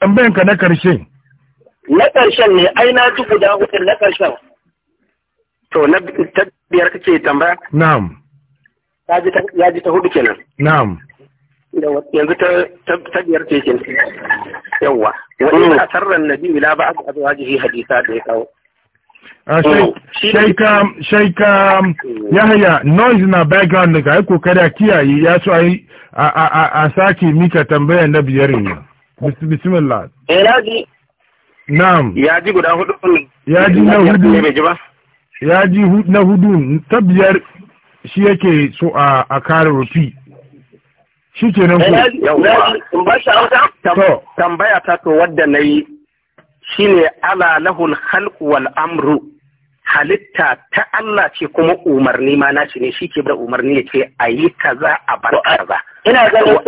tambayan ka na karshe na karshen ne ai na ji guda hudu na karshen to na ta biyar kake tambaya na'am ya ji ta hudu kenan na'am yanzu ta biyar ce kenan yawa wani hmm. na sarran nabi ila ba a zuwa jihi hadisa da ya kawo shaika shaika yahaya noise na background daga ai kokari kiyaye ya so a sake mika tambayar na biyar ne bismillah eh na'am ya ji guda hudu ya ji na hudu ya ji na hudu ta shi yake so a kare rufi shi ke nan ku to tambaya ta to wadda na yi shine ala lahul khalq wal amru halitta ta Allah ce kuma umarni ma ne shi ke da umarni ya ce a yi kaza a bar kaza. Ina ganin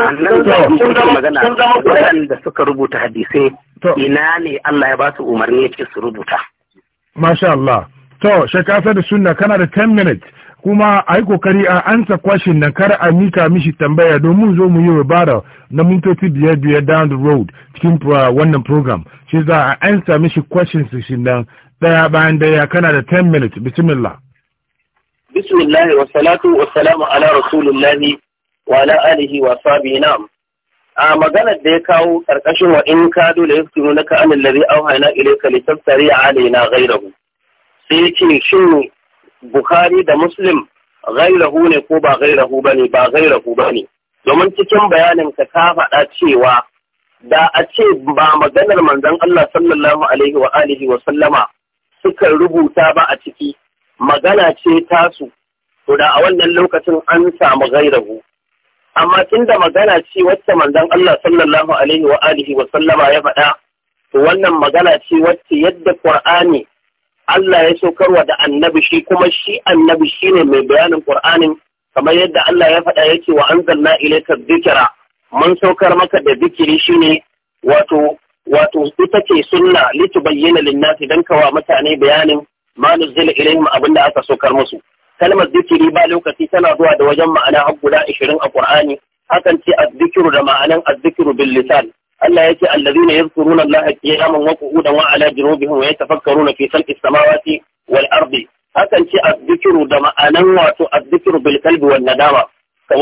sun magana waɗanda suka rubuta hadisai ina ne Allah ya ba su umarni ya ce su rubuta. Masha Allah. To, shekasa da sunna kana da 10 minutes. kuma a yi kokari a ansa kwashin na kar a mika mishi tambaya domin zo mu yi rubara na mintoci biyar biyar down the road cikin uh, wannan program shi za a ansa mishi kwashin su shi nan daya bayan daya kana da 10 minutes bismillah bismillah wa salatu wa salamu ala rasulullahi wa ala alihi wa sabi na'am a maganar da ya kawo karkashin wa in ka dole yaftinu naka anil ladhi auhayna a litaftari alaina rabu. sai ce shin bukhari da muslim gairahu ne ko ba gairahu ba ne ba gairahu ba ne domin cikin bayanin ka ta faɗa cewa da a ce ba maganar manzon Allah sallallahu alaihi wa alihi wa sallama suka rubuta ba a ciki magana ce tasu to da a wannan lokacin an samu gairahu amma tunda magana ce wacce manzon Allah sallallahu alaihi wa alihi wa sallama ya faɗa to wannan magana ce wacce yadda Qur'ani Allah ya saukarwa da annabi shi kuma shi annabi shi ne mai bayanin Qur'anin kamar yadda Allah ya faɗa ya ce wa anzalna ilayka dhikra mun saukar maka da zikiri shine wato wato ita ce sunna litubayyana bayyana nasi dan kawa mutane bayanin ma nuzila ilayhim abinda aka saukar musu kalmar zikiri ba lokaci tana zuwa da wajen ma'ana har guda 20 a Qur'ani hakan ce azzikiru da ma'anan azzikiru bil lisan Allah yake allazina yadhkuruna Allah qiyaman wa qu'udan wa ala junubihim wa yatafakkaruna fi khalqis samawati wal ardi hakan ce azzikiru da ma'anan wato azzikiru bil qalbi wan nadama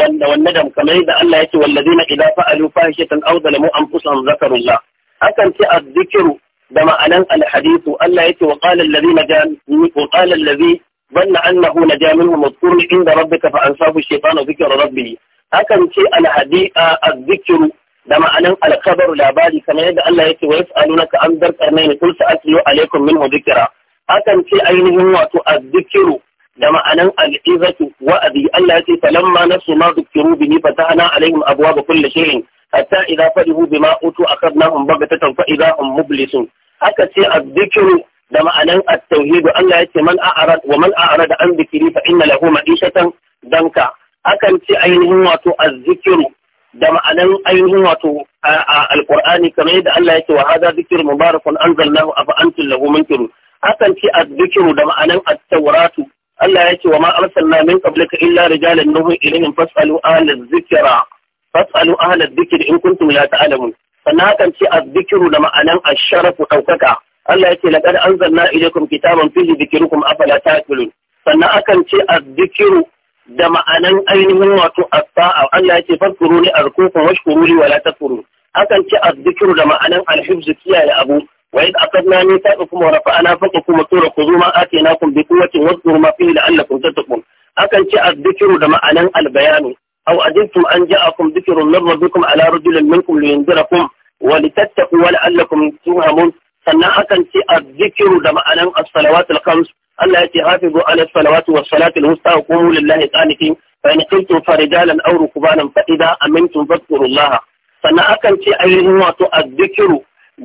wanda wan nadam kamar da Allah yake wallazina idza fa'alu fahishatan aw zalamu anfusahum zakarullah hakan ce azzikiru da ma'anan al hadithu Allah yake wa qala allazina wa qala allazi dhanna annahu naja minhum udhkur inda rabbika fa ansahu shaytanu dhikra rabbih hakan ce al hadi'a azzikiru da ma'anan alkabar labari kamar yadda Allah yake wa naka an dar karnaini kul sa'atlu alaikum minhu dhikra hakan ce ainihin wato azzikiru da ma'anan al'izatu wa'azi Allah yake falamma nasu ma dhukiru bihi fatahna alaihim abwaaba kulli shay'in hatta idza farihu bima utu akhadnahum baghtatan fa idza hum mublisun haka ce azzikiru da ma'anan at-tauhid Allah yake man a'rad wa man a'rada an dhikri fa inna lahu ma'ishatan danka hakan ce ainihin wato azzikiru da ma'anan ainihin wato alqur'ani kamar yadda Allah yake wa hada dhikr mubarakun anzalnahu a fa'antun lahu hakan ce azzikru da ma'anan at-tauratu Allah yake wa ma arsalna min qablika illa rijalan nuhu ilayhim fasalu ahla dhikra fasalu ahla dhikri in kuntum la ta'lamun sannan hakan ce azzikru da ma'anan ash-sharafu daukaka Allah yake laqad anzalna ilaykum kitaban fihi dhikrukum afala ta'qilun sannan akan ce azzikiru da ma'anan ainihin wato asa'a Allah yake fadkuru ni arkukum wasu li wala takfuru akan ce azzikru da ma'anan alhibzu kiyaye abu wa id aqadna ni ta'akum wa rafa'na faqakum tura khuzuma atinakum bi kuma wasu kuruma quwwatin wadhkuru ma fihi la'allakum tattaqun akan ce azzikru da ma'anan albayanu aw ajibtum an ja'akum dhikrun min rabbikum ala rajulin minkum liyunzirakum wa litattaqu wa la'allakum turhamun sannan akan ce azzikru da ma'anan as-salawatul khams Allah yake hafizu ala salawati was salatil wusta wa qumu lillahi qanitin fa in kuntum farijalan aw rukbanan fa idza amintum fadhkurullaha sannan akan ce ainihin wato azzikiru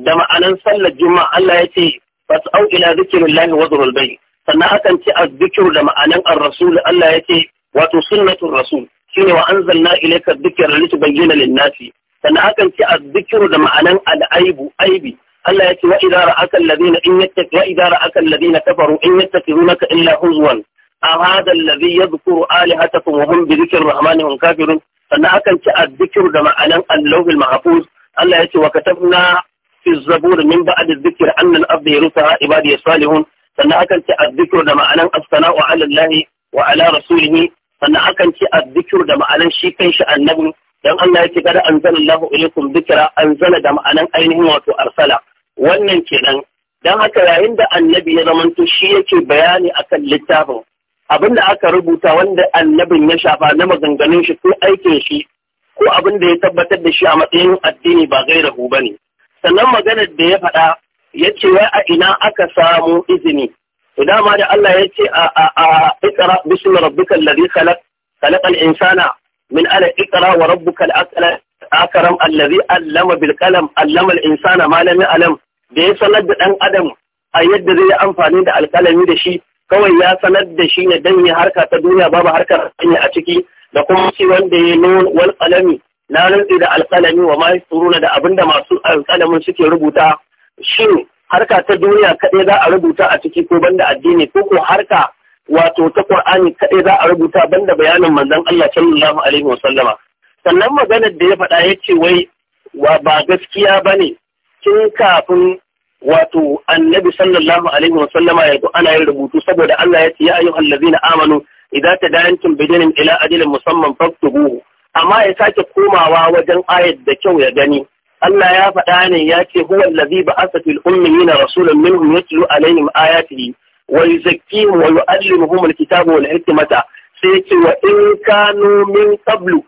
da ma'anan sallar juma'a Allah yace fas'au ila zikrillahi wa dhurul bayt sannan akan ce azzikiru da ma'anan ar-rasul Allah yace wato sunnatul rasul shine wa anzalna ilayka dhikra litubayyana lin-nasi sannan akan ce azzikiru da ma'anan al-aibu aibi Allah yake wa idara akal ladina in yattaki wa idara akal ladina kafaru in yattakirunaka illa huzwan a hada alladhi yadhkuru alihatakum wa hum bi dhikri rahmani hum kafirun sannan akan ci azzikru da ma'anan allahul mahfuz Allah ce wa katabna fi zabur min ba'd adh-dhikri anna al-ardi yarithuha salihun sannan akan ci azzikru da ma'anan as-sana'u 'ala Allah wa 'ala rasulih sannan akan ci azzikru da ma'anan shi kanshi annabi dan Allah ya ce kada anzalallahu ilaykum dhikra anzala da ma'anan ainihin wato arsala wannan kenan dan haka yayin da annabi ya zamanto shi yake bayani akan littafin abin da aka rubuta wanda annabin ya shafa na maganganun shi ko aikin shi ko abin da ya tabbatar da shi a matsayin addini ba gairahu ba ne sannan maganar da ya faɗa ya ce wai a ina aka samu izini dama da Allah ya ce a ikra bismi rabbikal ladhi khalaq khalaqal insana min ala ikra wa rabbukal akram allazi allama bil qalam allama al insana ma lam ya'lam da ya sanar da ɗan adam a yadda zai yi amfani da alkalami da shi kawai ya sanar da shi ne don harka ta duniya babu harkar hanya a ciki da kuma shi wanda ya yi wal alami na rantsi da alkalami wa ma suruna da abinda masu alkalamin suke rubuta shin harka ta duniya kaɗai za a rubuta a ciki ko banda addini ko ko harka wato ta ƙur'ani kaɗai za a rubuta banda bayanin manzon Allah sallallahu alaihi sallama sannan maganar da ya faɗa ya ce wai ba gaskiya bane tun kafin wato annabi sallallahu alaihi wa sallama ya ana yin rubutu saboda Allah ya ce ya ayyuhal ladzina amanu idza tadayantum bidinin ila ajalin musamman faktubuhu amma ya sake komawa wajen ayat da kyau ya gani Allah ya faɗa ne ya ce huwa allazi ba'atha fil ummiyina rasulan minhum yatlu alaihim ayatihi wa yuzakkihim wa yu'allimuhum alkitaba wal hikmata sai ya ce wa in kanu min qablu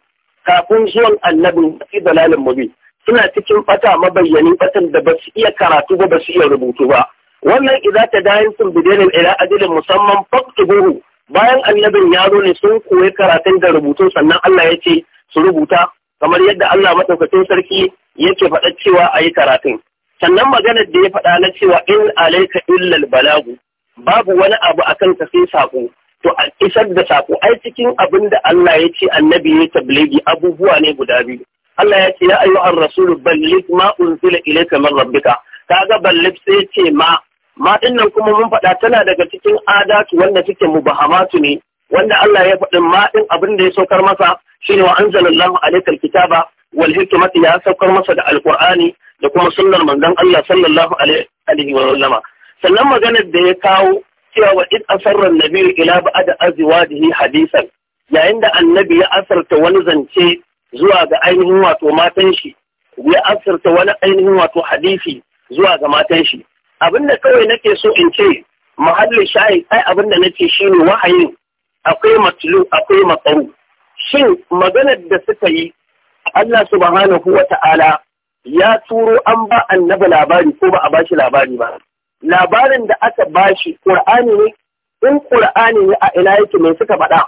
kafin zuwan annabi fi dalalin mubin suna cikin fata mabayyanin fatan da ba su iya karatu ba ba su iya rubutu ba wannan idan ta dayan sun ne ila ajalin musamman faktubuhu bayan annabin yaro ne sun koyi karatun da rubutu sannan Allah ya ce su rubuta kamar yadda Allah madaukakin sarki yake faɗa cewa a yi karatun sannan maganar da ya faɗa na cewa in alaika illal balagu babu wani abu a kan sai saƙo to a isar da saƙo ai cikin abin da Allah ya ce annabi ya tabligi abubuwa ne guda biyu Allah ya ce ya ayyuhar rasulu ballig ma unzila ilayka min rabbika kaga ballig sai ce ma ma dinnan kuma mun faɗa tana daga cikin adatu wanda take mubahamatu ne wanda Allah ya faɗin ma din abin da ya saukar masa shine wa anzalallahu alaykal kitaba wal hikmata ya saukar masa da alqur'ani da kuma sunnar manzon Allah sallallahu alaihi wa sannan maganar da ya kawo cewa wa id asarra an-nabiyyu ila ba'da azwajihi hadisan yayin da annabi ya asarta wani zance zuwa ga ainihin wato matan shi ya asirta wani ainihin wato hadisi zuwa ga matan shi abin kawai nake so in ce muhallin sha'i ai abinda da nake shine wahayin akwai matulu akwai matsaru shin maganar da suka yi Allah subhanahu wa ta'ala ya turo an ba annabi labari ko ba a bashi labari ba labarin da aka bashi qur'ani ne in qur'ani ne a ina yake mai suka faɗa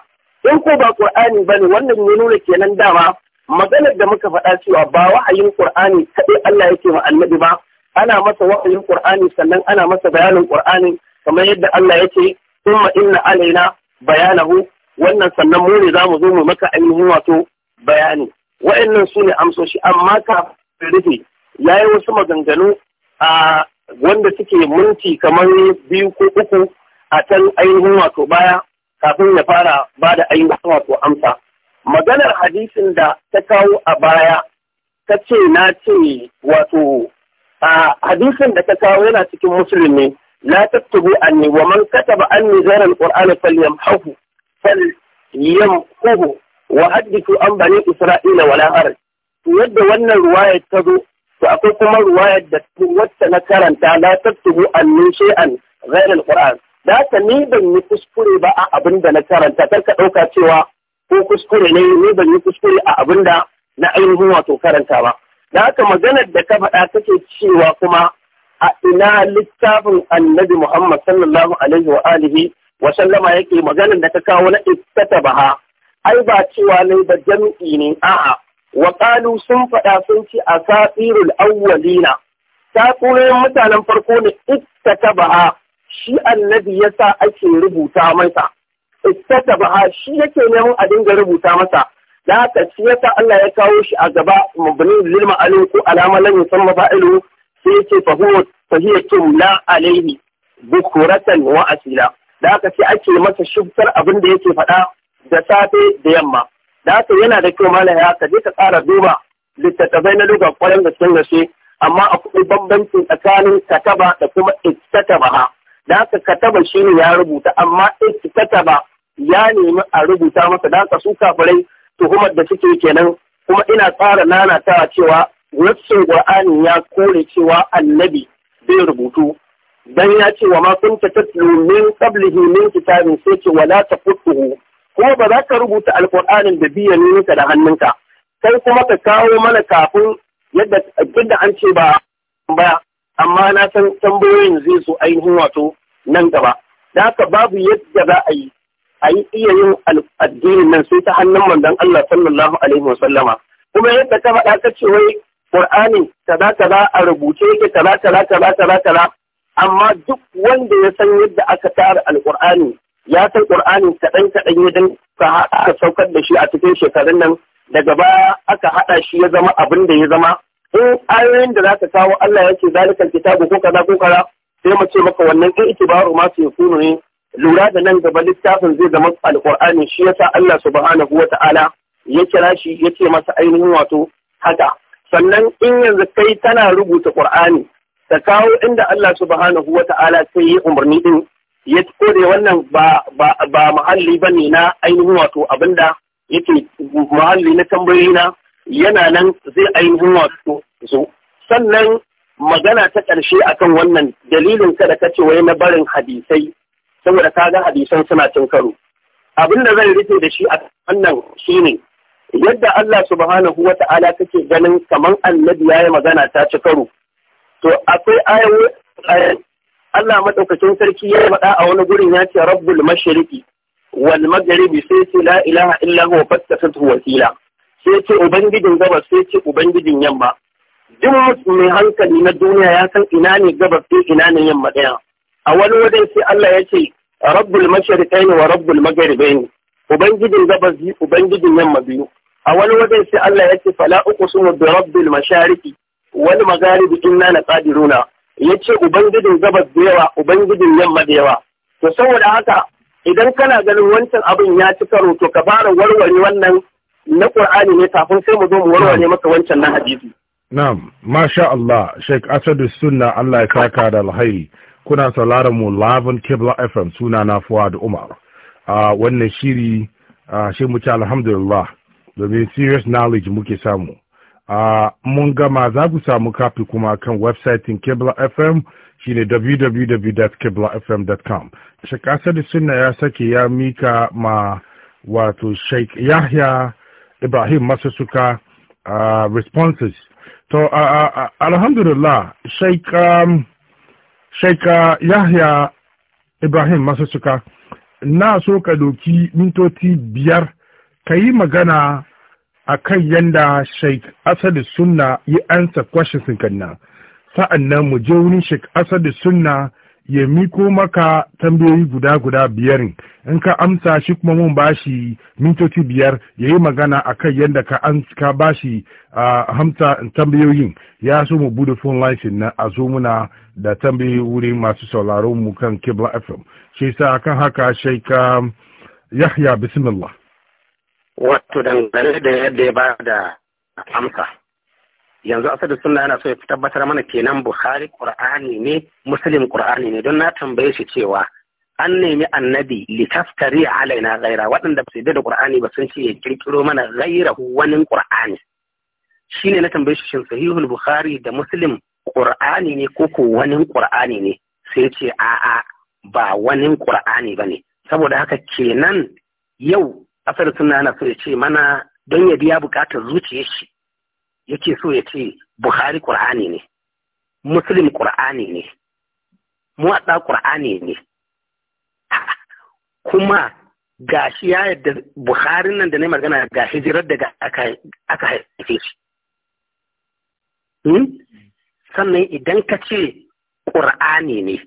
in ko ba qur'ani bane wannan ya nuna kenan dama maganar da muka faɗa cewa ba wa'ayin Qur'ani kaɗai Allah yake wa annabi ba ana masa wa'ayin Qur'ani sannan ana masa bayanin Qur'ani kamar yadda Allah yake kuma inna alaina bayanahu wannan sannan mu ne za mu zo mu maka ainihin wato bayani wa'annan su ne amsoshi amma ka rufe ya yi wasu maganganu a wanda suke minti kamar biyu ko uku a can ainihin wato baya kafin ya fara bada da ainihin wato amsa. maganar hadisin da ta kawo a baya ta ce na ce wato a hadisin da ta kawo yana cikin musulmi ne la tattubu anni wa man kataba anni zara alqur'ana falyamhahu falyamhahu wa haddithu an bani isra'ila wala haraj yadda wannan ruwayar ta zo to akwai kuma ruwayar da wacce na karanta la tattubu anni shay'an ghayra alqur'an da ta ni ban yi kuskure ba a abin da na karanta kar ka dauka cewa ko kuskure ne ni ban yi kuskure a abin da na ainihin wato karanta ba da haka maganar da ka faɗa kake cewa kuma a ina littafin annabi Muhammad sallallahu alaihi wa alihi wa sallama yake maganar da ka kawo na ittatabaha ai ba cewa ne ba jami'i ne a'a wa qalu sun faɗa sun ci a asatirul awwalina ta mutanen farko ne ittatabaha shi annabi yasa ake rubuta masa istata ba shi yake neman a dinga rubuta masa da haka shi yasa Allah ya kawo shi a gaba mabni lil ma'alum ko alama lan yusamma fa'ilu sai yake fa huwa fahiyatum la alayhi, bukuratan wa asila da haka sai ake masa shubtar abin da yake faɗa da safe da yamma da haka yana da kyau malam ka je ka tsara duba littattafai na lugar kwarin da sun gaske amma akwai bambanci tsakanin kataba da kuma iktataba da haka kataba shine ya rubuta amma iktataba ya nemi a rubuta masa da haka su kafirai tuhumar da suke kenan kuma ina tsara nanatawa cewa nassin Qur'ani ya kore cewa annabi zai rubutu dan ya ce wa ma ta tatlu min qablihi min kitabin sai ce wala tafutuhu kuma ba za ka rubuta alqur'anin da ninka da hannunka sai kuma ka kawo mana kafin yadda da an ce ba ba amma na san tambayoyin zai so ainihin wato nan gaba da haka babu yadda za a yi a yi iya yin addinin nan sai ta hannun mandan Allah sallallahu alaihi kuma yadda ta faɗa ka ce wai Qur'ani kaza kaza a rubuce yake kaza kaza kaza kaza kaza amma duk wanda ya san yadda aka tara alqur'ani ya san qur'ani kaɗan kaɗan ya dan aka saukar da shi a cikin shekarun nan daga baya aka haɗa shi ya zama abin da ya zama in ayoyin da zaka kawo Allah ya ce zalikal kitabu ko kaza ko kaza sai mu ce maka wannan in itibaru ma su yakunu ne lura da nan gaba littafin zai zama alƙur'ani shi yasa Allah subhanahu wa ta'ala ya kira shi ya ce masa ainihin wato haka sannan in yanzu kai tana rubuta ƙur'ani ta kawo inda Allah subhanahu wa ta'ala sai ya umarni din ya kore wannan ba ba ba muhalli bane na ainihin wato abinda yake muhalli na tambayoyi na yana nan zai ainihin wato zo sannan magana ta ƙarshe akan wannan dalilin kada ka ce wai na barin hadisai saboda ka ga hadisan suna cin karo abin da zan rufe da shi a wannan shine yadda Allah subhanahu wa ta'ala take ganin kamar annabi yayi magana ta ci karo to akwai ayoyi Allah madaukakin sarki ya faɗa a wani gurin ya ce rabbul mashriqi wal maghribi sai ce la ilaha illa huwa fattasatu wasila sai ce ubangijin gabas sai ce ubangijin yamma duk mai hankali na duniya ya san ina ne gabas sai ina ne yamma ɗaya a wani wajen sai Allah ya ce rabbul mashariqaini wa rabbul magharibaini ubangijin gabas ubangijin yamma biyu a wani wajen sai Allah ya ce fala uqsimu bi rabbil mashariqi wal magharibi inna laqadiruna yace ubangijin gabas da yawa ubangijin yamma da yawa to saboda haka idan kana ganin wancan abin ya ci karo to ka fara warware wannan na Qur'ani ne kafin sai mu zo mu warware maka wancan na hadisi na'am masha Allah Sheikh Asadu Sunna Allah ya kaka da alhairi kuna sauraron mu Laban Kibla FM suna na Fuad Umar. A wannan shiri shi mu alhamdulillah domin serious knowledge muke samu. a mun gama za ku samu kafi kuma kan websitin Kibla FM shine www.kiblafm.com. Shekasar da suna ya sake ya mika ma wato Sheikh Yahya Ibrahim Masasuka uh, responses. To, alhamdulillah, Sheikh um, Sheikh uh, Yahya Ibrahim Masussuka na so ka doki mintoci biyar ka yi magana a kan yadda Sheikh Asadu Sunna yi ansa kwashe sinkanna sa'an nan mu je wurin Sheikh Asadu Sunna ya miko maka tambayoyi guda guda biyar in ka amsa shi kuma mun bashi mintoci biyar ya yi magana a kan yadda ka bashi a bashi hamsa tambayoyin ya so mu bude phone line na a zo muna da tambayoyi wurin masu sauraron mu kan kibla fm shi sa kan haka ka yahya bismillah wato dangane da yadda ya ba da amsa yanzu da suna yana so ya tabbatar mana kenan bukhari qur'ani ne muslim qur'ani ne don na tambaye shi cewa an nemi annabi litaftari alaina ghaira waɗanda ba su da qur'ani ba sun ce ya kirkiro mana ghairahu wani qur'ani shine na tambaye shi shin sahihul bukhari da muslim qur'ani ne ko ko wani qur'ani ne sai ce a'a ba wani qur'ani bane saboda haka kenan yau asar suna yana so ya ce mana don ya biya bukatar zuciyar shi yake so ya ce Buhari ƙur'ani ne Muslim ƙur'ani ne Muwadda ƙur'ani ne kuma gashi ya yadda Buhari nan da ne magana ga hijirar daga aka haife shi hmm? sannan idan ka ce ƙur'ani ne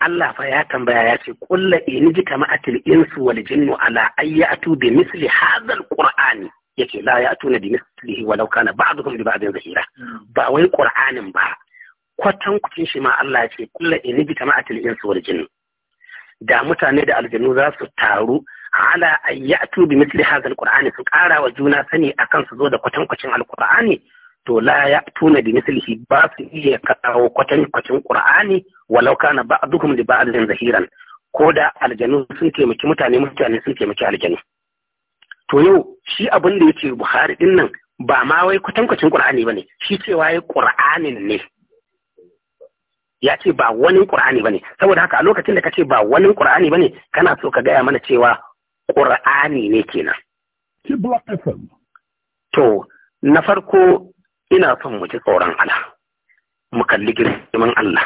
Allah fa ya tambaya ya ce ƙulla in ji kama atil insu wal jinnu ala ayyatu bi misli hadha al yace la ya tuna bi mislihi walau kana ba'dhum li ba'din zahira ba wai qur'anin ba kwatan kucin shi ma Allah ya ce kullu inibi tama'atil insi wal jinn da mutane da aljanu za su taru ala an ya'tu bi misli hadha alqur'ani su kara wa juna sani akan su zo da kwatan kucin alqur'ani to la tuna bi mislihi ba su iya kawo kwatan kucin qur'ani walau kana ba'dhum li ba'din zahiran ko da aljanu sun taimaki mutane mutane sun taimaki aljanu to yau shi abin da yake Buhari din nan ba ma wai kwatankwacin Qur'ani bane shi cewa ya Qur'anin ne ya ce ba wani Qur'ani bane saboda haka a lokacin da kace ba wani Qur'ani bane kana so ka gaya mana cewa Qur'ani ne kenan to na farko ina son mu ji tsoron Allah mu kalli girman Allah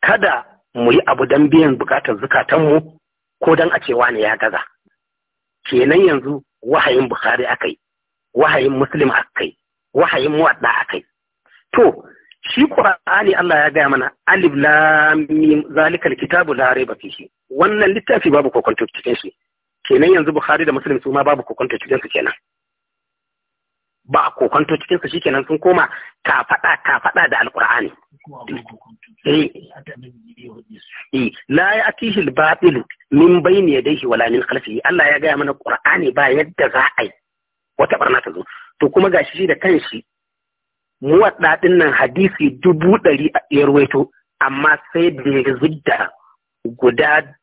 kada mu yi abu don biyan bukatar zukatanmu ko don a cewa ne ya gaza kenan yanzu wahayin bukhari akai wahayin muslim akai wahayin muwadda akai to shi qur'ani Allah ya gaya mana alif lam mim zalikal kitabu la raiba fihi wannan littafi babu kokonto cikin shi kenan yanzu bukhari da muslim su ma babu kokonto cikin su kenan ba kokonto cikin su shikenan sun koma ka fada ka fada da alqur'ani Eh. Eh. la ya atihi al-batil min bayni yadayhi wala min khalfihi Allah ya gaya mana Qur'ani ba yadda za a yi wata barna ta zo to kuma gashi shi da kanshi wadda din nan hadisi dubu ɗari a yarwaito amma sai da ya zudda guda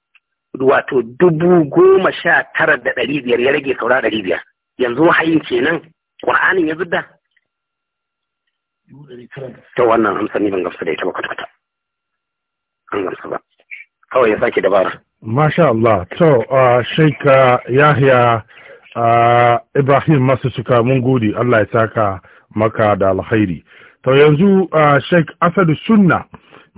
wato dubu goma sha tara da ɗari biyar ya rage saura ɗari biyar yanzu hayin kenan Qur'anin ya zudda ta wannan amsa ni ban gamsu da ita ba kwata-kwata an gamsu ba kawai ya sake dabara masha Allah to sheik yahya ibrahim masu suka mun gode Allah ya saka maka da alkhairi to yanzu sheik asadu sunna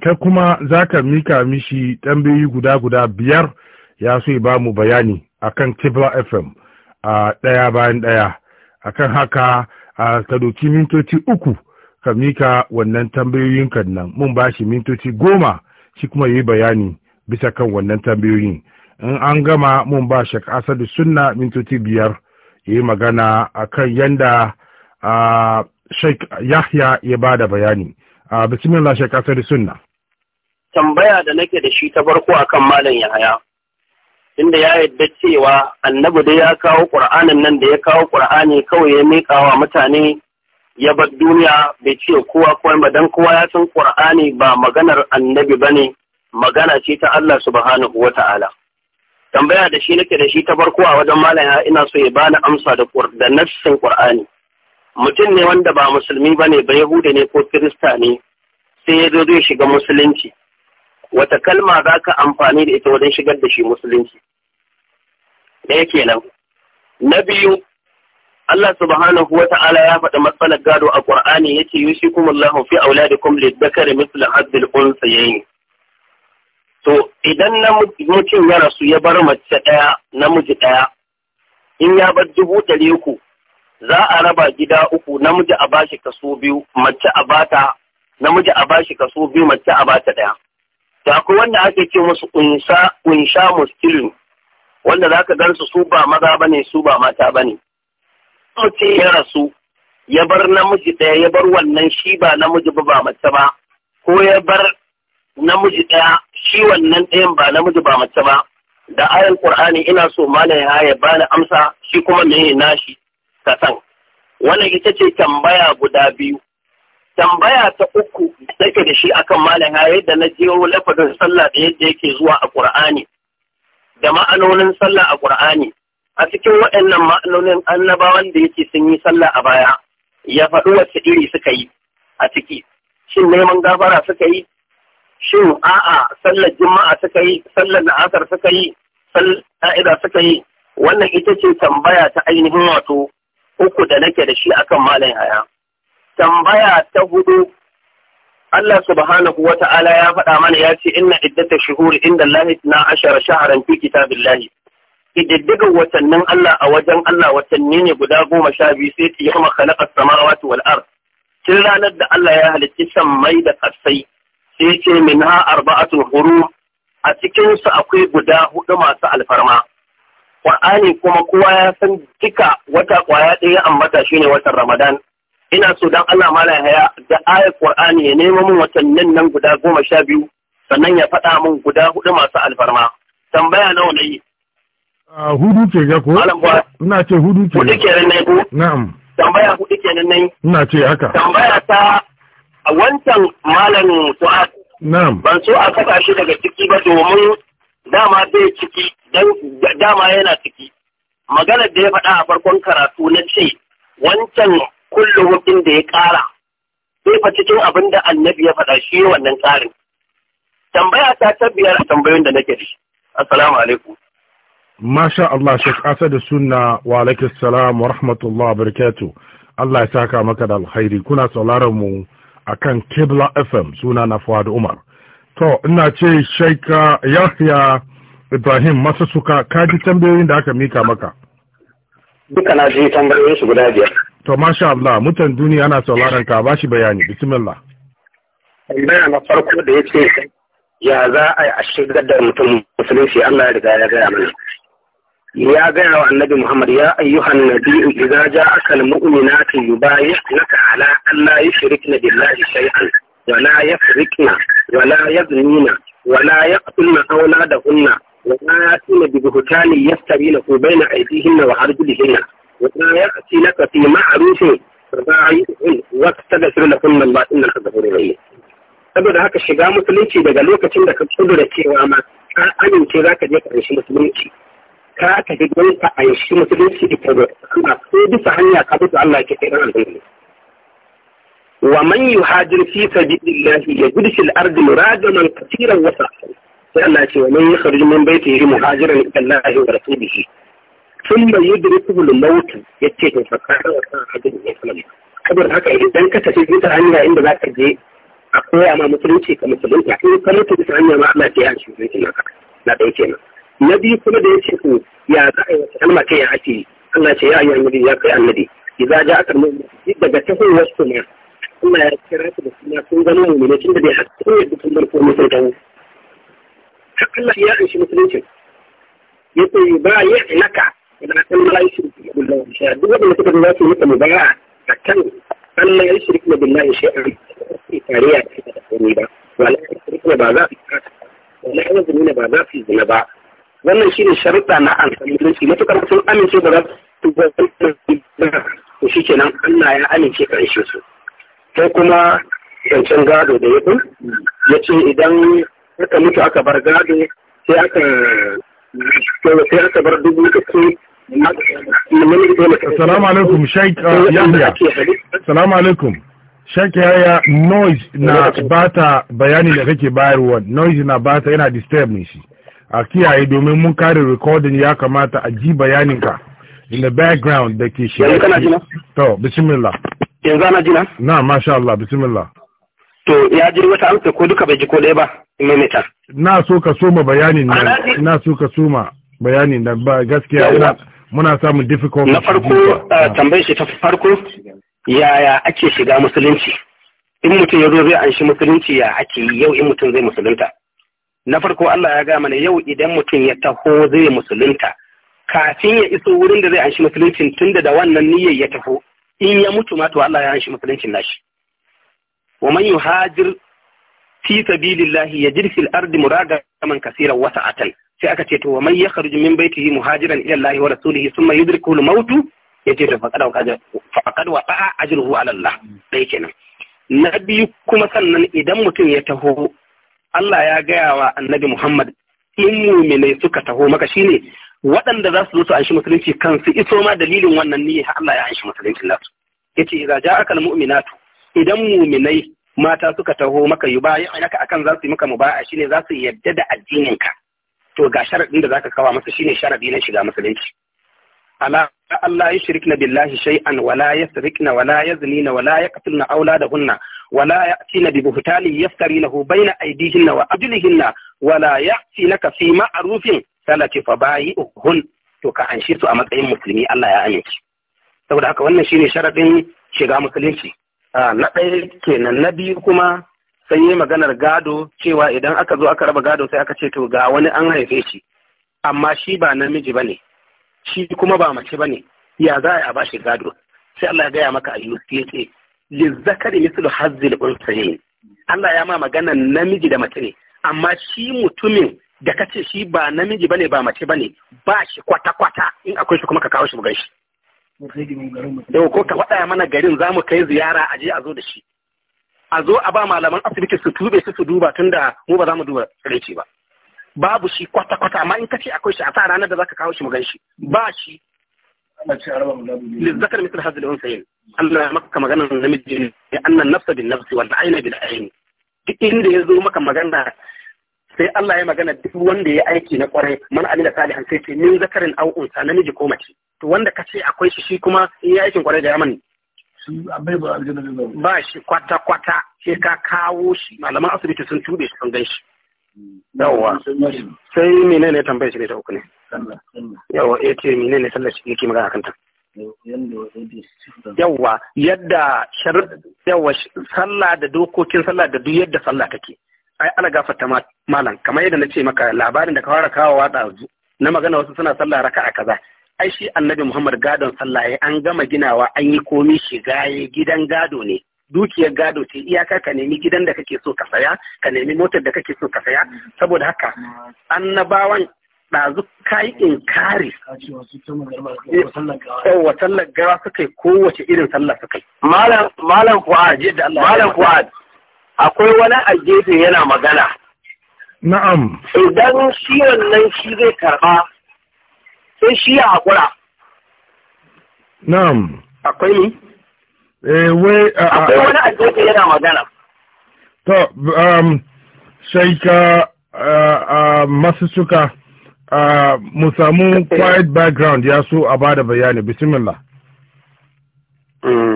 kai kuma zaka mika mishi tambayoyi guda guda biyar ya so ba mu bayani akan Kibla FM a ɗaya bayan ɗaya akan haka a ka doki mintoci uku ka mika wannan tambayoyinka nan mun ba shi mintoci goma shi kuma yi bayani bisa kan wannan tambayoyin in an gama mun ba shi asadu sunna mintoci biyar yi magana a kan a Sheikh Yahya ya ba da bayani. A bismillah Sheikh Asadu Sunna. Tambaya da nake da shi ta farko akan Malam Yahaya. Inda ya yadda cewa annabi da ya kawo Ƙur'anin nan da ya kawo Ƙur'ani kawai ya miƙawa mutane ya bar duniya bai ce kowa kowa ba dan kowa ya san Qur'ani ba maganar annabi bane magana ce ta Allah subhanahu wata'ala tambaya da shi nake da shi ta farko a wajen malaya ina so ya bani amsa da da nassin Qur'ani mutum ne wanda ba musulmi bane ba yahuda ne ko kirista ne sai ya zo zai shiga musulunci wata kalma za ka amfani da ita wajen shigar da shi musulunci ɗaya nan? na biyu Allah subhanahu wa ta'ala ya faɗa matsalar gado a ya ce, Qur'ani yace yushikumullahu fi auladikum lidhakari mithlu ya yi? to idan mutum ya rasu ya bar mace ɗaya namiji ɗaya in ya bar dubu ɗari uku za a raba gida uku namiji a bashi kaso biyu mace a bata namiji a bashi kaso biyu mace a bata ɗaya da akwai wanda ake ce musu kunsha kunsha muskilin wanda za zaka gansu su ba maza bane su ba mata bane ce ya rasu ya bar namiji ɗaya ya bar wannan shi ba namiji ba mace ba ko ya bar namiji ɗaya shi wannan ɗayan ba namiji ba mace ba da ayan ƙur'ani ina so malam ya ya bani amsa shi kuma me nashi ka san wannan ita ce tambaya guda biyu tambaya ta uku take da shi akan malam ya yadda na jero lafadin sallah da yadda yake zuwa a qur'ani da ma'anonin sallah a qur'ani a cikin waɗannan ma'anonin annabawan da yake sun yi sallah a baya ya faɗi wacce iri suka yi a ciki shin neman gafara suka yi shin a'a sallar juma'a suka yi sallar la'asar suka yi sallar ka'ida suka yi wannan ita ce tambaya ta ainihin wato uku da nake da shi akan malam haya tambaya ta hudu Allah subhanahu wa ta'ala ya faɗa mana ya ce inna iddata shuhuri inda Allah na ashara shaharan fi kitabillahi kididdigar watannin Allah a wajen Allah watanni ne guda goma sha biyu sai ta kuma khalaqas samawati wal ard tun ranar da Allah ya halicci sammai da ƙasai sai ce minha arba'atun hurum a cikin su akwai guda hudu masu alfarma Qur'ani kuma kowa ya san duka wata kwaya ɗaya ambata shine watan Ramadan ina so dan Allah mala haya da ayar Qur'ani ya nemo min watannin nan guda goma sha biyu sannan ya faɗa min guda hudu masu alfarma tambaya nawa na yi Ah, hudu ce ga ko ina ce hudu ce hudu ke nan ko na'am tambaya hudu nan nai ina ce haka tambaya ta a wancan malamin su'ad na'am ban so a kafa shi daga ciki ba domin dama bai ciki dama yana ciki maganar da ya faɗa a farkon karatu na ce wancan kullum din da ya ƙara sai fa cikin abin da annabi ya faɗa shi wannan ƙarin tambaya ta ta biyar tambayoyin da nake da shi assalamu alaikum masha Allah Sheikh Asad Sunna wa alaikum salam wa rahmatullah barakatu Allah ya saka maka da alkhairi kuna sauraron mu akan Kibla FM suna na Fuad Umar to ina ce Sheikh Yahya Ibrahim Masasuka ka ji tambayoyin da aka mika maka duka na ji tambayoyin su guda biyar to masha Allah mutan duniya ana sauraron ka ba shi bayani bismillah tambaya na farko da yace ya za a shigar da mutum musulunci Allah ya riga ya gaya mana ya gaya wa annabi Muhammad ya ayyuhan nabi'u idza ja'aka al-mu'minatu yubayyi'naka ala an la yushrikna billahi shay'an wa la yusrikna wa la yaznina wa la yaqtulna awladahunna wa la yatina bi buhtani yastabinahu bayna aydihinna wa arjulihinna wa la yaqtilaka fi ma'rufin fada'ihin wa tadfir lahunna Allah innal ghafurur rahim saboda haka shiga musulunci daga lokacin da ka kudura cewa ma ka amince zaka je karshen musulunci ka tafi don ka aishi musulunci ita da Allah ko bisa hanya ka bisa Allah ke kai alheri wa man yuhajir fi sabilillah yajid fil ardi muradaman katiran wa sahal sai Allah ce wa man yakhruj min baytihi muhajiran ila Allah wa rasulihi thumma yudrikuhu al-maut yace to fakara wa sahal ne salama kabar haka idan ka tafi bisa hanya inda za ka je a koya ma musulunci ka musulunta in ka mutu bisa hanya ma Allah ya yi shi na ka na dauke na na biyu kuma da ya ce ku. Oh, ya za a yi wata kalma ce ya ake Allah ce ya ayyuhan nabi ya kai annabi idza ja aka mu daga tahon wasu ma. Allah ya kira su da suna sun gano mu ne tun da bai hakkin yadda sun bar ko mutum ta Allah ya anshi musulunci yace ba ya laka idan an la yushriku billahi shay'a duk wanda suka ga su mutum ba a kan Allah ya shirku billahi shay'a tariya ce da komai ba wala shirku ba za su kasa wala yanzu ne ba za su zina ba wannan shine sharuɗa na alƙalanci matuƙar sun amince da su to shi kenan Allah ya amince ka ishe su sai kuma zancen gado da ya ya ce idan aka mutu aka bar gado sai aka sai aka bar dubu uku alaikum Sheikh uh, Yahya. alaikum. Sheikh Yahya noise na bata bayani da kake bayarwa. Noise na bata yana disturb shi. a kiyaye domin mun kare rikodin ya kamata a ji bayaninka in the background da ke shi to bismillah yanzu ana jina na masha Allah bismillah to ya ji wata amsa ko duka bai ji ko ɗaya ba maimaita na so ka soma bayanin nan na so ka ma bayanin nan ba gaskiya ina muna samun difficult na farko eh, tambayar shi ta farko yaya ake shiga musulunci in mutum ya zo zai an shi musulunci ya ake yi yau in mutum zai musulunta na farko Allah ya gaya mana yau idan mutum ya taho zai musulunta kafin ya iso wurin da zai anshi musuluncin tunda da wannan niyyar ya taho in ya mutu ma to Allah ya anshi musuluncin nashi wa man yuhajir fi sabilillahi yajid fil ardi muragaman kaseera wa sa'atan sai aka ce to wa man yakhruj min baitihi muhajiran ila Allah wa rasulihi thumma yudrikuhu al-maut yace to faqad wa faqad wa ajruhu ala Allah dai kenan na biyu kuma sannan idan mutum ya taho Allah ya gaya wa annabi Muhammad in muminai suka taho maka shine waɗanda za su zo su anshi musulunci kansu iso ma dalilin wannan ne Allah ya anshi musulunci nasu yace idza ja'aka almu'minatu idan muminai mata suka taho maka yubayi'unaka akan za su yi maka mubaya'a shine za su yadda da addinin ka to ga sharadin da zaka kawa masa shine sharadi na shiga musulunci ala Allah yushrikna billahi shay'an wala yasrikna wala yaznina wala yaqtulna auladahunna ولا يأتين ببهتان يفترينه بين أيديهن وأرجلهن ولا يأتينك في معروف سلك فبايئهن to ka anshe su a matsayin musulmi Allah ya amince saboda haka wannan shine sharadin shiga musulunci ah, na ɗaya kenan na biyu kuma sai yi maganar gado cewa idan aka zo aka raba gado sai aka ce to ga wani an haife shi amma shi ba namiji bane shi kuma ba mace bane ya za a bashi gado sai Allah ya gaya maka a ya Zakari, mislu hazzil unsayin Allah ya ma magana namiji da mace ne amma shi mutumin da ka ce shi ba namiji bane ba mace bane ba shi kwata-kwata in akwai shi kuma ka kawo shi bugan shi yau ko ka faɗa mana garin za mu kai ziyara a je a zo da shi a zo a ba malaman asibiti su tube su su duba tunda mu ba za mu duba tsiraici ba babu shi kwata-kwata amma in ka ce akwai shi a sa ranar da za ka kawo shi mu shi ba shi lizzakar misal hazil unsayin Allah ya maka magana namiji ne annan nafsa bin nafsi wanda aina bin aini duk inda ya zo maka magana sai Allah ya magana duk wanda ya aiki na kwarai man amila salihan sai ce min zakarin au unsa namiji ko mace to wanda ka ce akwai shi shi kuma in ya aikin kwarai da yaman ba shi kwata kwata sai ka kawo shi malaman asibiti sun tube shi sun ganshi yawwa sai menene tambayar shi ne ta uku ne yawwa eh ce menene sallar shi yake magana kanta Yawwa yadda yawwa sallah da dokokin sallah da duk yadda sallah take ai ana gafarta malam kamar yadda na ce maka labarin da ka fara kawowa ɗazu na magana wasu suna sallah raka a kaza ai shi annabi muhammad gadon sallah ya an gama ginawa an yi komi shiga ya gidan gado ne dukiyar gado ce iyaka ka nemi gidan da kake so ka saya ka nemi motar da kake so ka saya saboda haka annabawan ɗazu kayi inkari yawa eh, sallar gara suka yi kowace irin sallah suka yi malam fuad malam fuad akwai wani a gefe yana magana na'am idan shi wannan shi zai karba sai shi ya haƙura na'am akwai ni eh, akwai wani a gefe yana magana to um sai ka a uh, uh, masu suka Ah, mu samu quiet background ya so a bada bayani bismillah mm.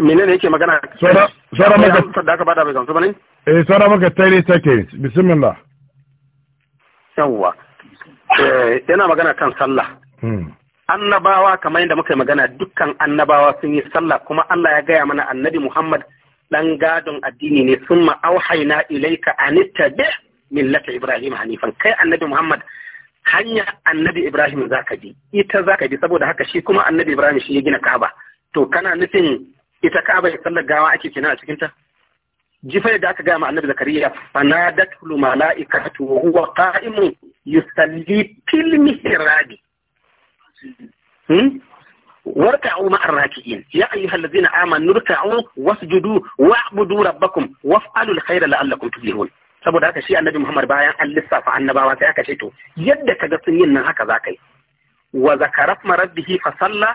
mene ne yake magana sora maka da aka bada bai gamsu bane eh sora maka 30 seconds bismillah yawwa eh yana magana kan sallah hmm. annabawa kamar yadda muka yi magana dukkan annabawa sun yi sallah kuma Allah ya gaya mana annabi Muhammad dan gadon addini ne sun ma'auhaina ilaika anittabi millata Ibrahim hanifan kai annabi Muhammad hanya annabi ibrahim za ka bi ita za ka bi saboda haka shi kuma annabi ibrahim shi ya gina ka'aba to kana nufin ita ka'aba ya sallar gawa ake kenan a cikin ta jifai da aka ma annabi zakariya fanadatul malaikatu wa huwa qa'imun yusalli fil mihrabi hmm واركعوا مع الراكعين يا أيها الذين آمنوا saboda haka shi annabi Muhammad bayan an lissafa annabawa sai aka ce to yadda ka ga sun yin nan haka zaka yi wa zakarat marabbihi fa salla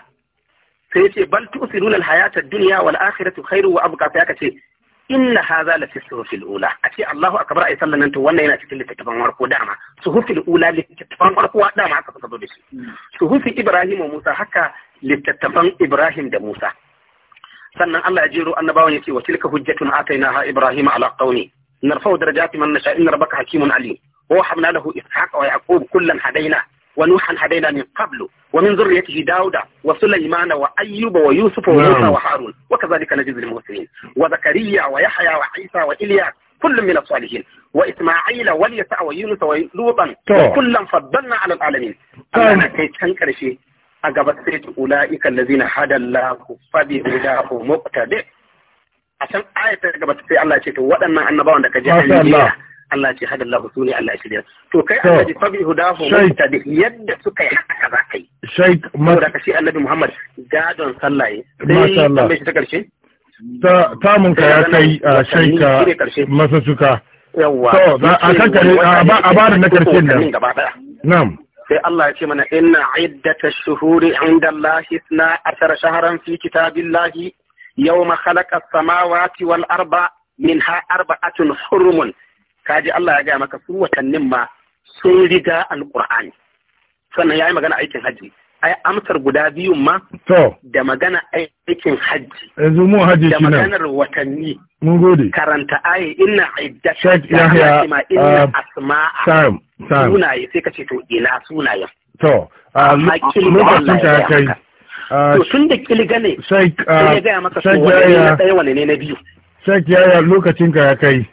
sai ce bal tusiruna al hayata ad-dunya wal akhiratu khairu wa abqa sai aka ce inna hadha la fi suhufil ula a ce Allahu akbar ai sallan nan to wannan yana cikin littattafan farko dama suhufil ula littattafan farko dama haka suka zo da shi suhufi Ibrahim wa Musa haka littattafan Ibrahim da Musa sannan Allah ya jero annabawan yace wa tilka hujjatun atainaha Ibrahim ala qaumi نرفع درجات من نشاء إن ربك حكيم عليم ووحبنا له إسحاق ويعقوب كلا هدينا ونوحا هدينا من قبل ومن ذريته داود وسليمان وأيوب ويوسف نعم. وموسى وهارون وكذلك نجد المرسلين وزكريا ويحيى وعيسى وإلياس كل من الصالحين وإسماعيل وليسع ويونس ولوطا طيب. كلا فضلنا على العالمين طيب. أنا كي تنكر شيء أقبت أولئك الذين هدى الله فبهداه مقتدئ a can ayatar gaba sai Allah ce to waɗannan annabawan da ka ji an Allah ce hada Allah su ne Allah shirya to kai annabi fa hudahu yadda suka yi haka za kai shaykh da kashi annabi Muhammad gadon sallah ne masha ta karshe ta mun ka ya kai shaykh masa suka yawa to a kan kare a ba na nan na'am sai Allah ya ce mana inna iddatash shuhuri inda Allah 12 shahran fi kitabillahi yawma khalaqa samawati wal arba min minha arba'atun hurumun kaji Allah ya gaya maka su watannin ma sun riga alqur'ani sannan yayi magana aikin hajji ai amsar guda biyun ma da magana aikin hajji yanzu mu hajji da maganar watanni mun gode karanta ayi inna iddata yahya inna uh, asma'a sunaye sai kace to ina sunayen to uh, lokacin ta kai Ah, tun da kilga ne sai ya ah, gaya maka so wani na ɗaya wani ne na biyu shek yaya lokacin ka ya kai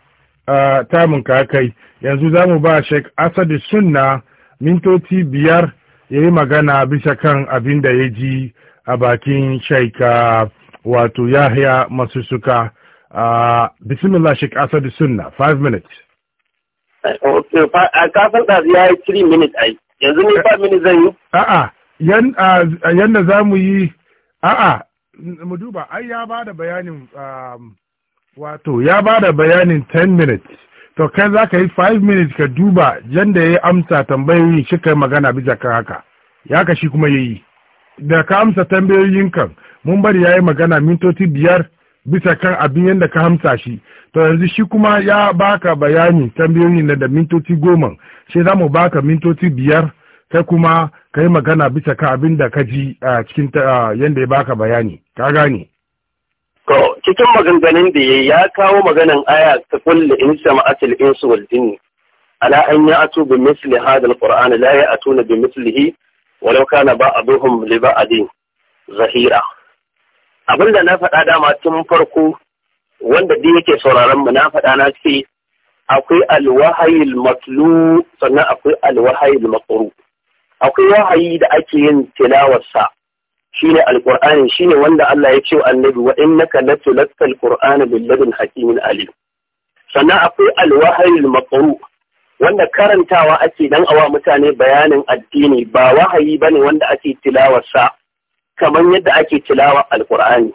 ah, tamun ka ya kai yanzu za mu ba shek asadi sunna mintoci biyar ya yi magana bisa kan abin da ya ji a bakin shek wato yahya masu suka bismillah shek asadi sunna 5 minutes eh, kafin ɗazu ya yi 3 minutes ai yanzu ne 5 minutes zai yi a'a yanda za mu yi a'a mu duba ai ya ba da bayanin um, wato ya ba da bayanin 10 minutes to kai za ka yi 5 minutes ka duba yanda ya amsa tambayoyi shi kai magana bisa kan haka ya ka shi kuma yayi da ka amsa tambayoyin kan mun bari ya yi magana mintoci biyar bisa kan abin yadda ka amsa shi to yanzu shi kuma ya baka bayani tambayoyin da mintoci goma sai za mu baka mintoci biyar kai kuma kai magana bisa ka abin da ka ji a cikin yadda ya baka bayani ka gane to cikin maganganun da ya ya kawo maganan aya ta kullu in sama'atil insu wal jinni ala an ya'tu bi misli hadha alquran la ya'tuna bi mislihi walau kana ba'dhum li ba'din zahira abinda na faɗa dama tun farko wanda da yake sauraron mu na faɗa na ce akwai alwahayil matlu sannan akwai alwahayil maqru akwai wahayi da ake yin tilawarsa Alƙur'ani, shi shine wanda Allah ya ce wa annabi wa innaka latulqa alqur'ana bil ladun hakimin Ali. sannan akwai alwahayil maqru wanda karantawa ake dan awa mutane bayanin addini ba wahayi bane wanda ake tilawarsa kamar yadda ake tilawa Alƙur'ani.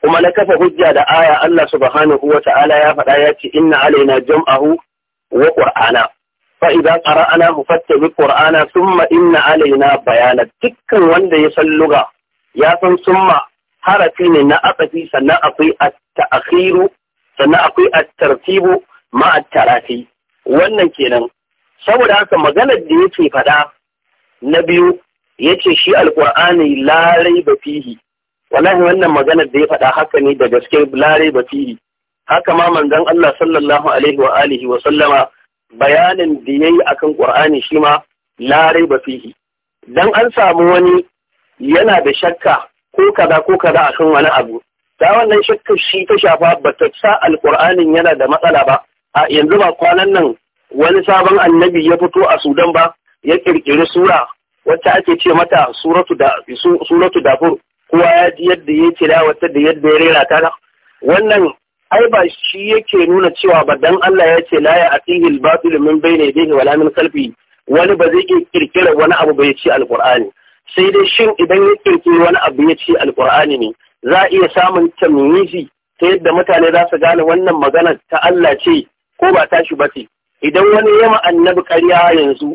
kuma na kafa hujja da aya Allah subhanahu wa ta'ala ya faɗa ya ce inna alaina jam'ahu wa qur'ana فإذا قرأناه فاتبع قرآنا ثم إن alaina بيانا dukkan wanda ya san lugha ya san summa harafi ne na asafi sannan akwai at-ta'khiru sannan akwai at-tartibu wannan kenan saboda haka maganar da yake faɗa na biyu yace shi Alƙur'ani la raiba fihi wannan maganar da ya faɗa haka ne da gaske la raiba haka ma manzon Allah sallallahu bayanin da ya yi a kan ƙur'ani shi ma la ba fihi Don an samu wani yana da shakka ko kaza ko kaza akan wani abu ta wannan shakka shi ta shafa ba ta sa alƙur'anin yana da matsala ba a yanzu ba kwanan nan wani sabon annabi ya fito a sudan ba ya ƙirƙiri sura wacce ake ce mata suratu da dafur kowa ya ji yadda ya ce da da yadda ya rera ta wannan ai ba shi yake nuna cewa ba dan Allah ya ce la ya atihil batil min bayni yadihi wala min khalfi wani ba zai iya kirkira wani abu ba ya ce alqur'ani sai dai shin idan ya kirkiri wani abu ya ce alqur'ani ne za a iya samun tamyizi ta yadda mutane za su gane wannan magana ta Allah ce ko ba shi ba ce idan wani yama annabi ƙarya yanzu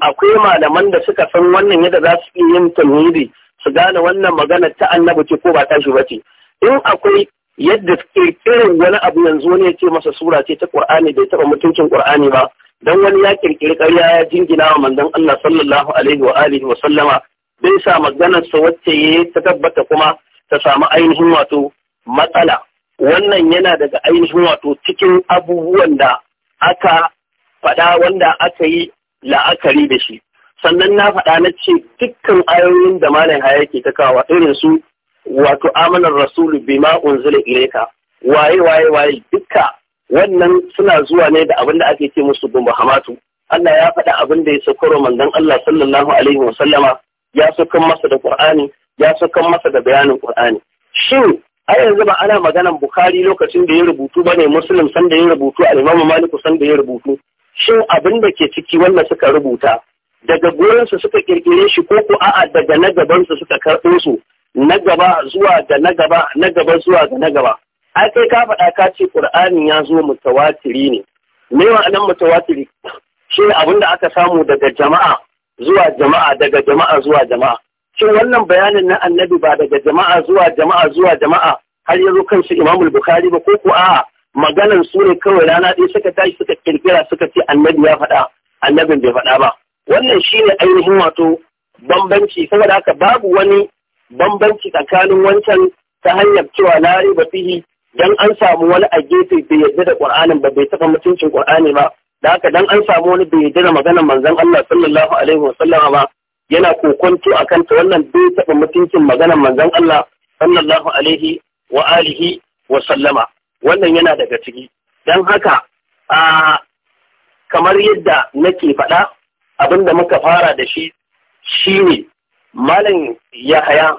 akwai malaman da suka san wannan yadda za su iya yin tamyizi su gane wannan magana ta annabi ce ko ba shi ba ce in akwai yadda kirkirin wani abu yanzu wani ya ce masa sura ce ta ƙur'ani bai taɓa mutuncin Qur'ani ba dan wani ya ƙirƙiri ƙarya ya jingina wa manzon Allah sallallahu alaihi wa alihi wa sallama bai sa maganar sa wacce ya ta tabbata kuma ta samu ainihin wato matsala wannan yana daga ainihin wato cikin abubuwan da aka faɗa wanda aka yi la'akari da shi sannan na faɗa na ce dukkan ayoyin da malam haya ke ta kawa irin su wato amanar rasulu bima unzila ilaika waye waye waye dukka wannan suna zuwa ne da abin da ake ce musu Gambo-hamatu. Allah ya faɗa abin da ya saukaro manzon Allah sallallahu alaihi wasallama ya saukan masa da Qur'ani ya saukan masa da bayanin Qur'ani shin a yanzu ba ana maganan Bukhari lokacin da ya rubutu ba ne Muslim san da ya rubutu al-Imam Malik san da ya rubutu shin abin da ke ciki wanda suka rubuta daga su suka kirkire shi ko ko a'a daga na gabansu suka karɓo su na gaba zuwa ga na gaba na gaba zuwa ga na gaba ai kai ka faɗa ka ce qur'ani ya zo mutawatiri ne me ma'anar mutawatiri shi abin da aka samu daga jama'a zuwa jama'a daga jama'a zuwa jama'a shin wannan bayanin na annabi ba daga jama'a zuwa jama'a zuwa jama'a har ya zo kansu imamul bukhari ba ko ko a'a maganan su ne kawai rana ɗaya suka tashi suka kirkira suka ce annabi ya faɗa annabin bai faɗa ba wannan shine ainihin wato bambanci saboda haka babu wani bambanci tsakanin wancan ta hanyar cewa la riba fihi dan an samu wani a gefe bai yarda da Qur'anin ba bai taba mutuncin Qur'ani ba da haka dan an samu wani bai yarda da maganar manzon Allah sallallahu alaihi wasallama ba yana kokonto akan ta wannan bai taba mutuncin maganar manzon Allah sallallahu alaihi wa alihi wa sallama wannan yana daga ciki dan haka a kamar yadda nake faɗa abinda muka fara da shi shine malam yahaya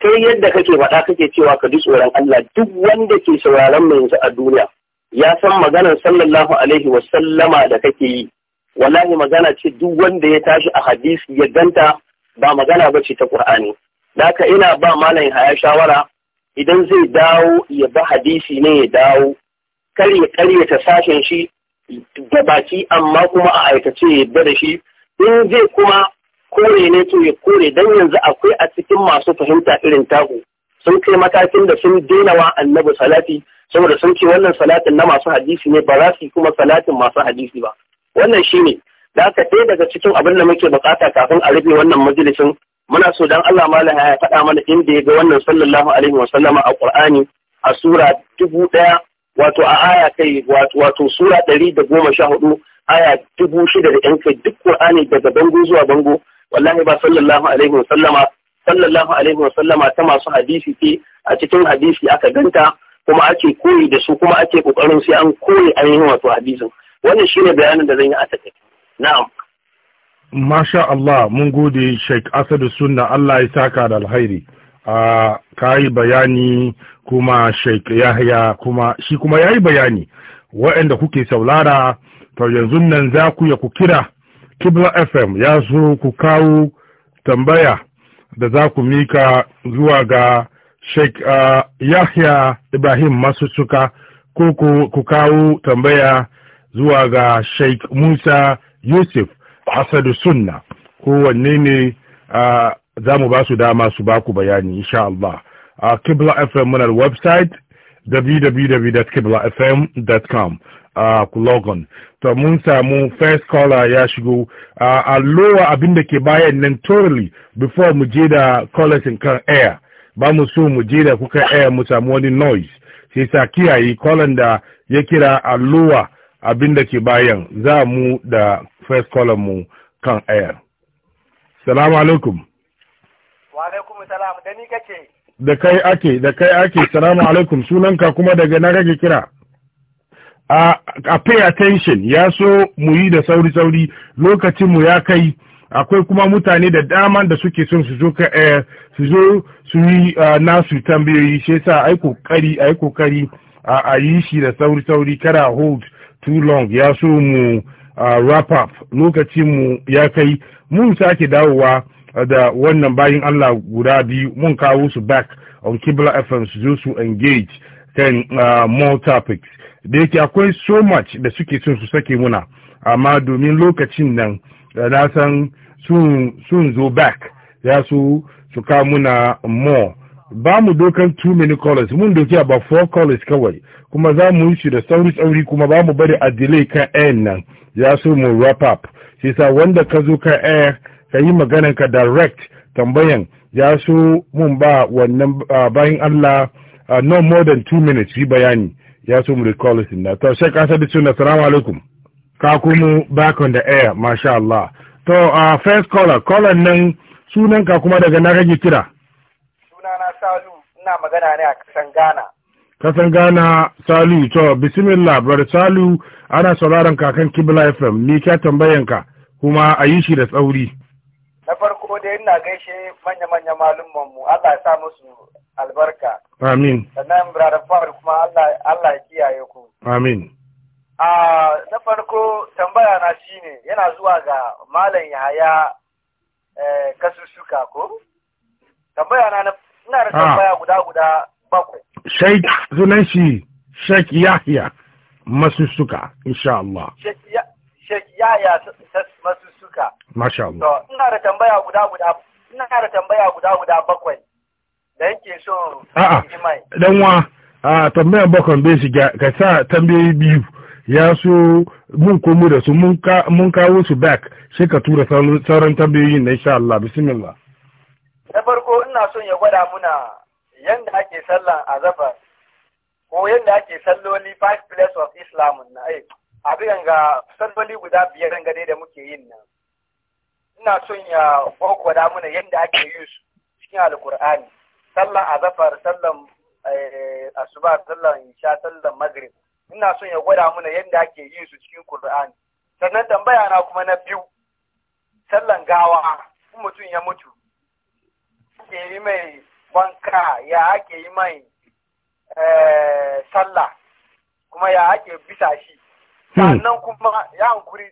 kai yadda kake faɗa kake cewa ka ji tsoron Allah duk wanda ke sauraron mu yanzu a duniya ya san maganar sallallahu alaihi wa sallama da kake yi wallahi magana ce duk wanda ya tashi a hadisi ya ganta ba magana ba ce ta Qur'ani daka ina ba malam Yahaya shawara idan zai dawo ya ba hadisi ne ya dawo kar ya karyata sashen shi da baki amma kuma a aikace ya da shi in zai kuma kore ne to ya kore dan yanzu akwai a cikin masu fahimta irin taku sun kai matakin da sun daina wa annabi salati saboda sun ce wannan salatin na masu hadisi ne ba za su yi kuma salatin masu hadisi ba wannan shine da aka ɗaya daga cikin abin da muke bukata kafin a rufe wannan majalisin muna so dan Allah malaha ya faɗa mana inda ya ga wannan sallallahu alaihi wasallama a Qur'ani a sura dubu ɗaya wato a aya kai wato sura ɗari da goma sha hudu aya dubu shida da kai duk ƙur'ani daga bango zuwa bango wallahi ba sallallahu alaihi wasallama sallallahu alaihi wasallama ta masu hadisi ce a cikin hadisi aka ganta kuma ake koyi da su kuma ake kokarin sai an koyi ainihin wato hadisin wannan shine bayanin da zan yi a take na'am Masha Allah mun gode Sheikh Asadu Sunna Allah ya saka da alhairi a kai bayani kuma Sheikh Yahya kuma shi kuma yayi bayani waɗanda kuke saulara to yanzu nan za ku ya ku kira kibla fm ya so ku kawo tambaya da za ku mika zuwa ga sheik uh, ah, yahya ibrahim masucuka ko ku kawo tambaya zuwa ga sheik musa yusuf asadu sunna kowanne ne uh, za mu ba su dama su ba ku bayani insha Allah a uh, kibla fm munar website www.kiblafm.com ku logon to mun samu first caller ya shigo a lowa abin da ke bayan nan totally before mu je da callers kan air ba mu so mu je da kuka air mu samu wani noise sai sa kiyaye callan da ya kira a lowa abin da ke bayan za mu da first caller mu kan air salamu alaikum wa alaikum salam da ni kake da kai ake da kai ake salamu alaikum sunanka kuma daga na rage kira a pay attention ya so mu yi da sauri-sauri lokacinmu ya kai akwai kuma mutane da dama da suke son su zo eh, su zo su yi eh, nasu tambayoyi shi yasa ai kokari ai kokari a yi shi da sauri-sauri kada hold too long ya so mu wrap up lokacinmu ya kai mun sake dawowa da wannan bayin Allah guda biyu mun kawo su back on Kibla FM su zo su engage kan uh, more topics da yake akwai so much da suke son su sake muna amma domin lokacin nan uh, na san sun zo back ya su su ka muna more ba mu dokan two many callers mun doki about four callers kawai kuma za mu yi shi da sauri sauri kuma ba mu bari a delay ka air nan ya so mu wrap up shi sa wanda ka zo ka air ka yi maganan ka direct tambayan ya so mun ba wannan uh, bayan Allah uh, no more than two minutes yi bayani ya so mu recall it na to shek asadi sunna assalamu alaikum ka kuma back on the air masha Allah to uh, first caller caller nan sunan ka kuma daga na rage kira Suna na Salu ina magana ne a kasan Ghana kasan Ghana Salu to bismillah bar Salu ana sauraron kakan Kibla FM ni ka tambayan ka kuma a yi shi da tsauri na farko dai ina gaishe manya-manya malumman mu Allah ya sa musu albarka Amin. Sannan brother Fahad kuma Allah ya kiyaye ku. Amin. A na farko tambaya na shine yana zuwa ga Malam Yahaya eh, kasussuka ko? Tambaya na ina da ah. tambaya guda guda bakwai. Sheikh sunan shi Sheikh Yahya masussuka insha Allah. Sheikh Yahya masussuka. Masha Allah. ina da tambaya guda guda ina da tambaya guda guda bakwai. A'a, wa, a tambayan bakon bai shiga ka sa tambayi biyu ya so mun komo da su mun kawo su back sai ka tura sauran tambayoyin na insha Allah bismillah. Na farko ina son ya gwada muna yadda ake sallan azabar ko yadda ake salloli five Places of Islam na ai eh, abin ga salloli guda biyar dangane da muke yin nan. Ina son ya gwada muna yadda ake yi su cikin Alkur'ani. sallan azafar sallan eh, asuba sallan isha sallan magrib ina son ya gwada mana yadda ake yin su cikin qur'ani sannan tambaya na kuma na biyu sallan gawa in mutum ya mutu ake yi mai wanka ya ake yi mai eh, sallah kuma ya ake bisa shi hmm. sannan kuma ya hankuri